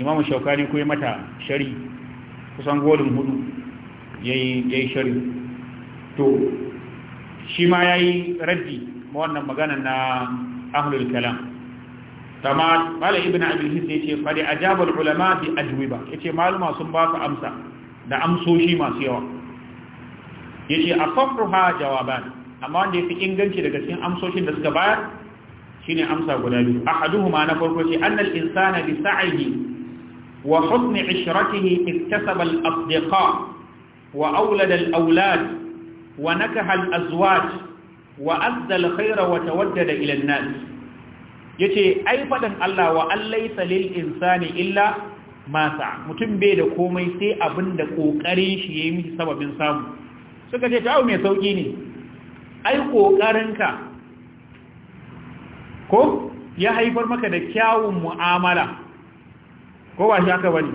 Imam Shaukani ko ya mata sharhi kusan golin hudu ya yi shari to shi ma ya yi raddi ma wannan magana na ahlul kalam kama bala ibn abdulhis ya ce fari ajabar ulama bi ajwiba ya ce maluma sun ba su amsa da amsoshi masu yawa ya ce a ha jawaba amma wanda ya fi inganci daga cikin amsoshin da suka bayar shine amsa guda biyu ma na farko ce annal insana bi sa'ihi وحسن عشرته اكتسب الأصدقاء وأولد الأولاد ونكح الأزواج وأدى الخير وتودد إلى الناس yace ai fadan Allah wa allai salil insani illa masa mutum bai da komai sai abin da kokarin shi yayi miki sababin samu suka ce tawo mai sauki ne ai kokarinka ko ya haifar maka da kyawun mu'amala ko ba shi haka bane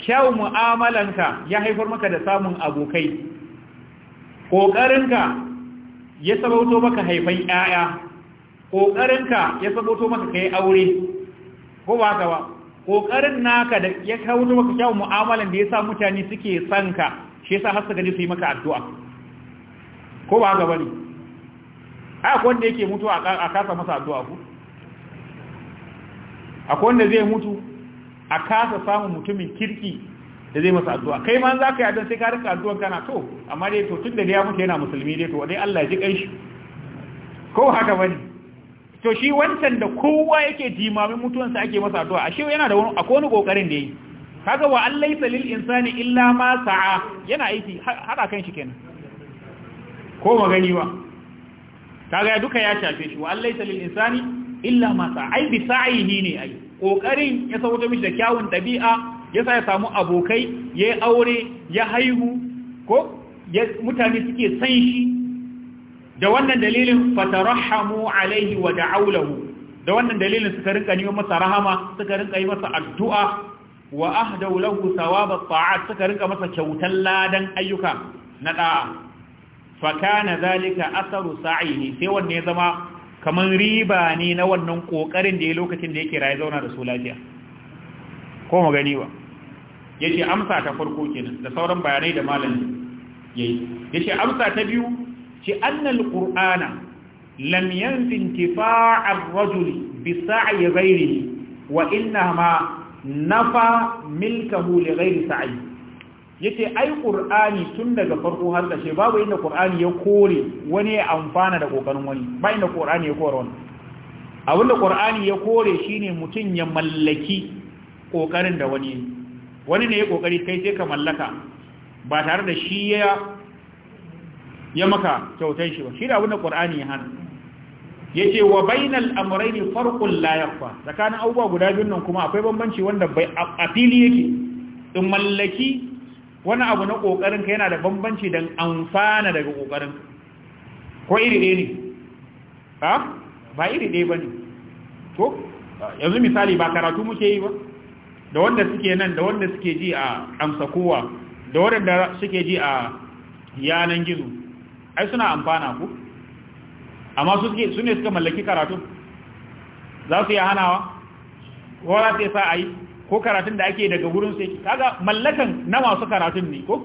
kyau mu'amalanka ya haifar maka da samun abokai Ƙoƙarinka ya sabauto maka haifan yaya Ƙoƙarinka ya sabauto maka kai aure ko ba haka ba kokarin naka da ya kawo maka kyau mu'amalan da ya sa mutane suke son ka shi yasa har su gani su yi maka addu'a ko ba haka bane akwai wanda yake mutu a kasa masa addu'a ku akwai wanda zai mutu a kasa samun mutumin kirki da zai masa addu'a kai ma za ka yi addu'a sai ka rika addu'an kana to amma dai to tun da ya mutu yana musulmi dai to wadai Allah ji ji shi ko haka bane to shi wancan da kowa yake jimamin mutuwansa ake masa addu'a ashe yana da wani akwai wani kokarin da yi. kaga wa Allah yi lil insani illa ma sa'a yana aiki hada kan shi kenan ko magani ba kaga duka ya shafe shi wa an laysa lil insani illa ma sa'a ai bi sa'ihi ne ai ƙoƙarin ya wata mishi da kyawun ɗabi'a ya sa ya samu abokai ya yi aure ya haihu ko mutane suke san shi da wannan dalilin fatarahamu alaihi wa da'aulahu da wannan dalilin suka rinka yi masa rahama suka rinka yi masa addu'a wa ahdau lahu thawaba ta'at suka rinka masa kyautan ladan ayyuka na da'a fa kana zalika asaru sa'ihi sai wanne ya zama kamar riba ne na wannan kokarin da ya lokacin da yake rayu zauna da su lafiya ko mu gani ba yace amsa ta farko kenan da sauran bayanai da malami yayi yace amsa ta biyu ce annal qur'ana lam yanfi intifa'a ar-rajuli bi sa'i ghayrihi wa innama nafa milkahu li ghayri sa'i yace ai ƙur'ani tun daga farko har ƙarshe babu inda qur'ani ya kore wani ya amfana da kokarin wani ba inda qur'ani ya kore wani abinda qur'ani ya kore shine mutun ya mallaki kokarin da wani wani ne ya kokari kai sai ka mallaka ba tare da shi ya ya maka kyautai shi ba shi da abinda qur'ani ya hana yace wa bainal amrayni farqun la layafa? tsakanin abubuwa guda biyun nan kuma akwai bambanci wanda bai a fili yake in mallaki wani abu na ƙoƙarinka yana da bambanci don amfana daga ƙoƙarinka. ko iri ɗaya ne ha ba iri ɗaya ba ne to yanzu misali ba karatu muke yi ba da wanda suke nan da wanda suke ji a amsa kowa da wanda suke ji a yanan gizo ai suna amfana ku amma su ne suka mallaki karatu za su yi hanawa ko za su yi sa'ayi yi ko karatun da ake daga wurin sai kaga mallakan na masu karatun ne ko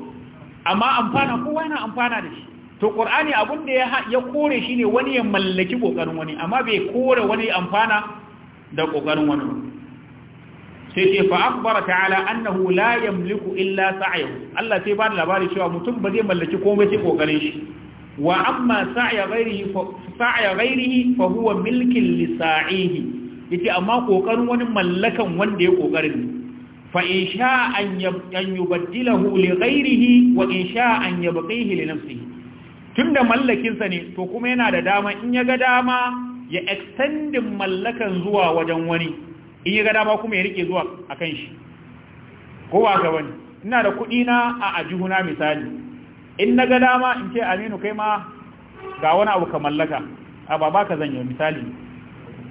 amma amfana kowa yana amfana da shi to qur'ani abun da ya kore shi ne wani ya mallaki kokarin wani amma bai kore wani amfana da kokarin wani sai ce fa akhbara ta'ala annahu la yamliku illa sa'yahu Allah sai ba da labari cewa mutum ba zai mallaki komai sai kokarin shi wa amma sa'ya ghairihi fa sa'ya ghairihi fa huwa milkin li sa'ihi yace amma kokarin wani mallakan wanda ya kokarin fa in sha an yubaddilahu li ghairihi wa in sha an yabqihi li nafsihi tunda mallakin sa ne to kuma yana da dama in ya ga dama ya extendin mallakan zuwa wajen wani in ya ga dama kuma ya rike zuwa akan shi ko ba ga wani ina da kuɗi na a ajihuna misali in na ga dama in ce aminu kai ma ga wani abu ka mallaka a ba ka zan yi misali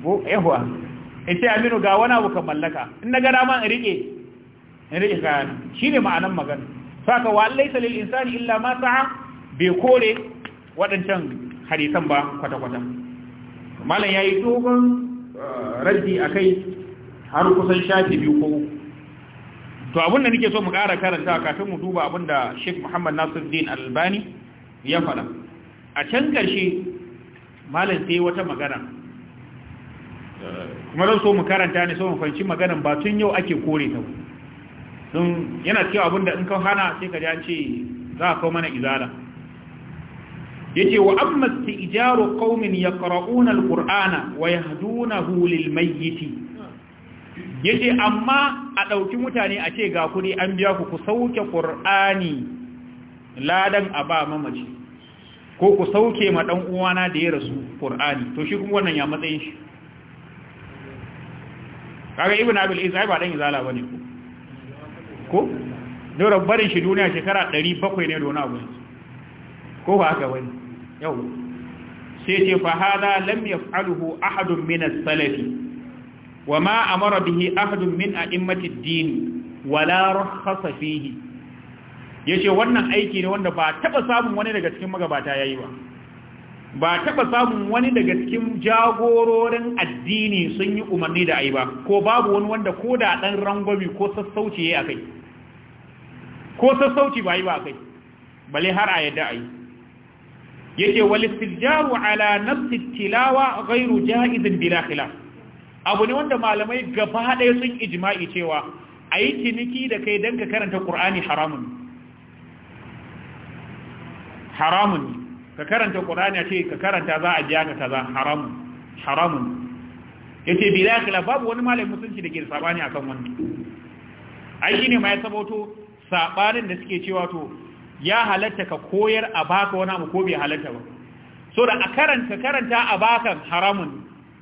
ko yahuwa in ce aminu ga wani abu kan mallaka in na gada ma in rike in rike kayan shi ne ma'anan magana saka wa laisa lil insani illa ma sa'a bai kore waɗancan hadisan ba kwata-kwata malam yayi dogon uh, raddi akai har kusan shafi biyu ko to abin da nake so mu ƙara karanta kafin mu duba abin da Sheikh Muhammad Nasiruddin Albani ya faɗa a can ƙarshe malam sai wata magana kuma zan so mu karanta ne so mu fahimci maganan ba tun yau ake kore ta don yana cewa abin da in ka hana sai ka ja ce za ka kawo mana izala yace wa amma istijaru qaumin yaqra'una alqur'ana wa yahdunahu lilmayyit yace amma a dauki mutane a ce ga kuɗi an biya ku ku sauke qur'ani ladan a ba mamaci ko ku sauke ma dan uwana da ya rasu qur'ani to shi kuma wannan ya matsayin shi kaga ibn abil isa ba dan izala bane ko ko da barin shi duniya shekara 700 ne da wani abu ko ba haka bane yau sai ce fa hada lam yaf'aluhu ahadun min as-salafi wama amara bihi ahadun min a'immati ad-din wala rakhasa fihi yace wannan aiki ne wanda ba taba samun wani daga cikin magabata yayi ba ba taɓa samun wani daga cikin jagororin addini sun yi umarni da ai ba ko babu wani wanda ko da ɗan rangwami ko sassauci ya kai ko sassauci ba yi ba kai bale har a yadda ai yake walistijaru ala nafsi tilawa ghairu ja'izin bila khilaf abu ne wanda malamai gaba ɗaya sun ijma'i cewa ayi ciniki da kai dan ka karanta qur'ani haramun haramun ka karanta qur'ani a ce ka karanta za a biya ka kaza haram haramun yace bila khilaf babu wani malamin musulunci da ke sabani akan wannan ai shine ma ya saboto sabanin da suke cewa to ya halatta ka koyar a baka wani abu ko bai halatta ba so da a karanta karanta a baka haramun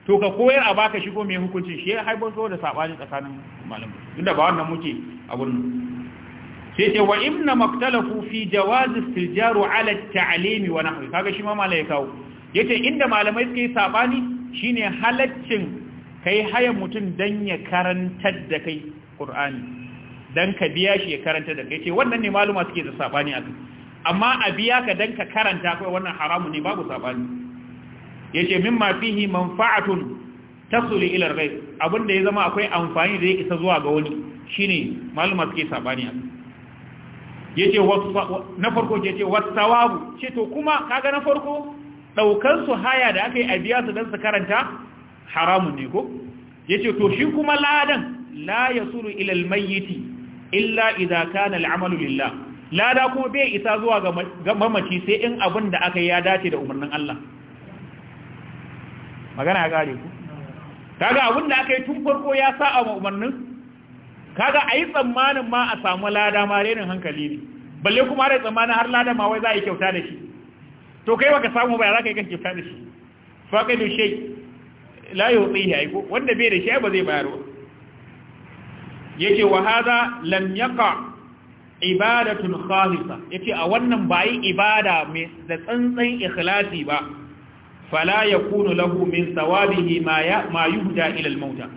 to ka koyar a baka shigo mai hukunci shi ya haifar da sabani tsakanin malamin inda ba wannan muke abun sai ce wa inna maktalafu fi jawazi siljaru ala ta'alimi wa nahwi kaga shi ma malai kawo yace inda malamai suke yi sabani shine halaccin kai haya mutum dan ya karantar da kai Qur'ani dan ka biya shi ya karanta da kai ce wannan ne maluma suke da sabani kai amma a biya ka dan ka karanta kai wannan haramu ne babu sabani yace mimma fihi manfa'atun tasulu ila al ghayb abinda ya zama akwai amfani da yake sa zuwa ga wani shine maluma suke sabani kai yace na farko yace wasawabu ce to kuma kaga na farko daukan su haya da aka yi a biya su dan su karanta haramun ne ko yace to shi kuma ladan la yasuru ila almayyiti illa idza kana al'amalu lillah lada kuma bai isa zuwa ga mamaci sai in abin da aka yi ya dace da umarnin Allah magana ya gare ku kaga abin da aka yi tun farko ya sa a umarnin kaga a yi tsammanin ma a samu lada ma renin hankali ne balle kuma da tsammanin har lada ma wai za a yi kyauta da shi to kai baka samu ba za ka yi kan kyauta da shi faqidu shay la yuti ya aiko wanda bai da shi ba zai bayar ba yake wa hadha lam yaqa ibadatun khalisa ce a wannan ba yi ibada mai da tsantsan ikhlasi ba fala yakunu lahu min thawabihi ma ma yuhda ila al-mauta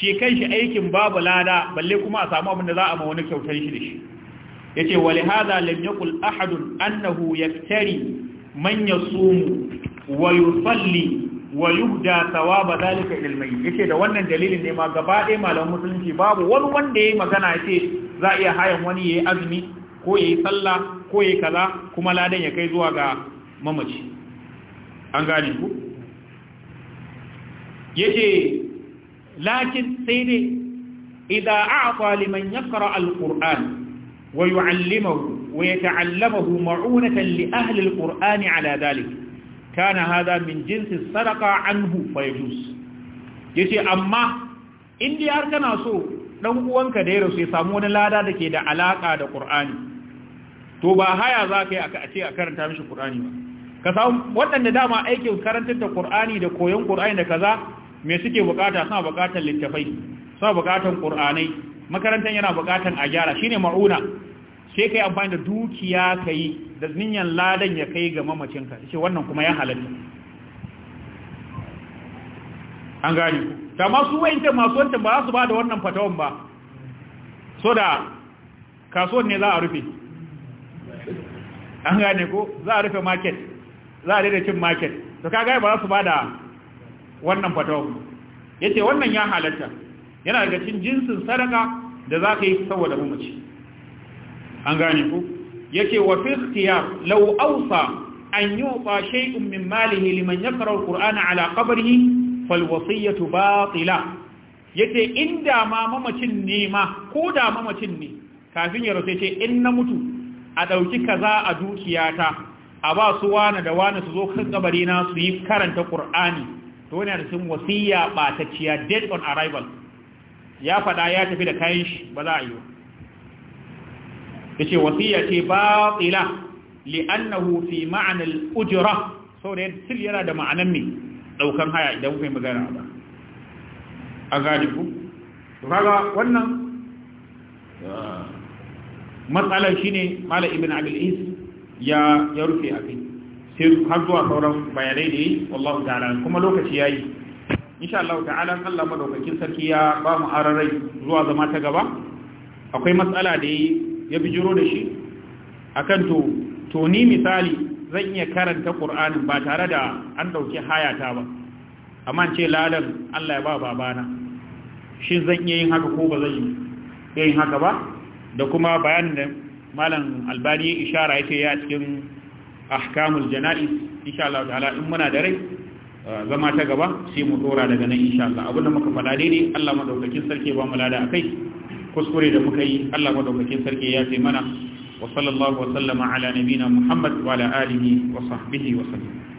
shi kai shi aikin babu lada balle kuma a samu abin da za a ma wani kyautar shi da shi yace wa lihadha lam yaqul ahad annahu yaftari man yasum wa yusalli wa yubda thawaba zalika ila mayyit yace da wannan dalilin ne ma gaba ɗaya malaman musulunci babu wani wanda yayi magana yace za a iya hayan wani ya yi azumi ko yayi sallah ko yayi kaza kuma ladan ya kai zuwa ga mamaci an gane ku yace lakin sai dai idza a'ta liman yaqra al-qur'an wa yu'allimuhu wa yata'allamahu ma'unatan li ahli al ala dhalik kana hadha min jinsi sadaqa anhu fayajuz yace amma in dai har kana so dan uwanka da ya rasu ya samu wani lada da ke da alaka da qur'ani to ba haya za ka yi a ce a karanta mishi qur'ani ba ka samu waɗanda dama aikin karantar da qur'ani da koyon qur'ani da kaza me suke bukata suna bukatan littafai suna bukatan qur'anai makarantar yana bukatan a gyara shine mauna sai kai amfani da dukiya kai da zinyan ladan ya kai ga mamacinka shi wannan kuma ya halatta an gani ta masu wayanta masu wanta ba su bada wannan fatawan ba so da kasuwan ne za a rufe an gane ko za a rufe market za a rufe cin market to kaga ba za su ba da wannan fatawa yace wannan ya halatta yana daga cin jinsin sadaka da za yi saboda mamaci an gane ku yace wa fi lau'ausa law awsa an yuta shay'un min malihi liman yaqra alqur'ana ala qabrihi falwasiyatu batila yace inda ma mamacin ne ma ko da mamacin ne kafin ya rasu ce in na mutu a ɗauki kaza a dukiyata a ba su wani da wani su zo kan kabari su yi karanta ƙur'ani. to wani da sun wasiya ɓatacciya date on arrival ya faɗa ya tafi da kayan shi ba za a yi ba ya ce wasiya ce ba tsila li'annahu fi ma'anar ujira sau da yadda sil yana da ma'anan mai ɗaukan haya idan kuma yi magana ba a gadi ku wannan matsalar shine malam ibn abil is ya rufe a kai har zuwa sauran bayanai da yi wallahu ta'ala kuma lokaci yayi insha Allah ta'ala Allah madaukakin sarki ya ba mu ararai zuwa zama ta gaba akwai matsala da ya bijiro da shi akan to to ni misali zan iya karanta Qur'anin ba tare da an ɗauki hayata ba amma ce ladan Allah ya ba babana shin zan iya yin haka ko ba zan iya yin haka ba da kuma bayanin da malam albani ishara yake ya cikin ahkamul jana'iz insha Allah ta'ala in muna da rai uh, zama ta gaba sai mu dora daga nan insha Allah abinda muka faɗa daidai Allah madaukakin sarki ba mu lada akai kuskure da muka yi Allah madaukakin sarki ya fi mana wa sallallahu wa sallama ala nabina Muhammad wa ala alihi wa sahbihi wa sallam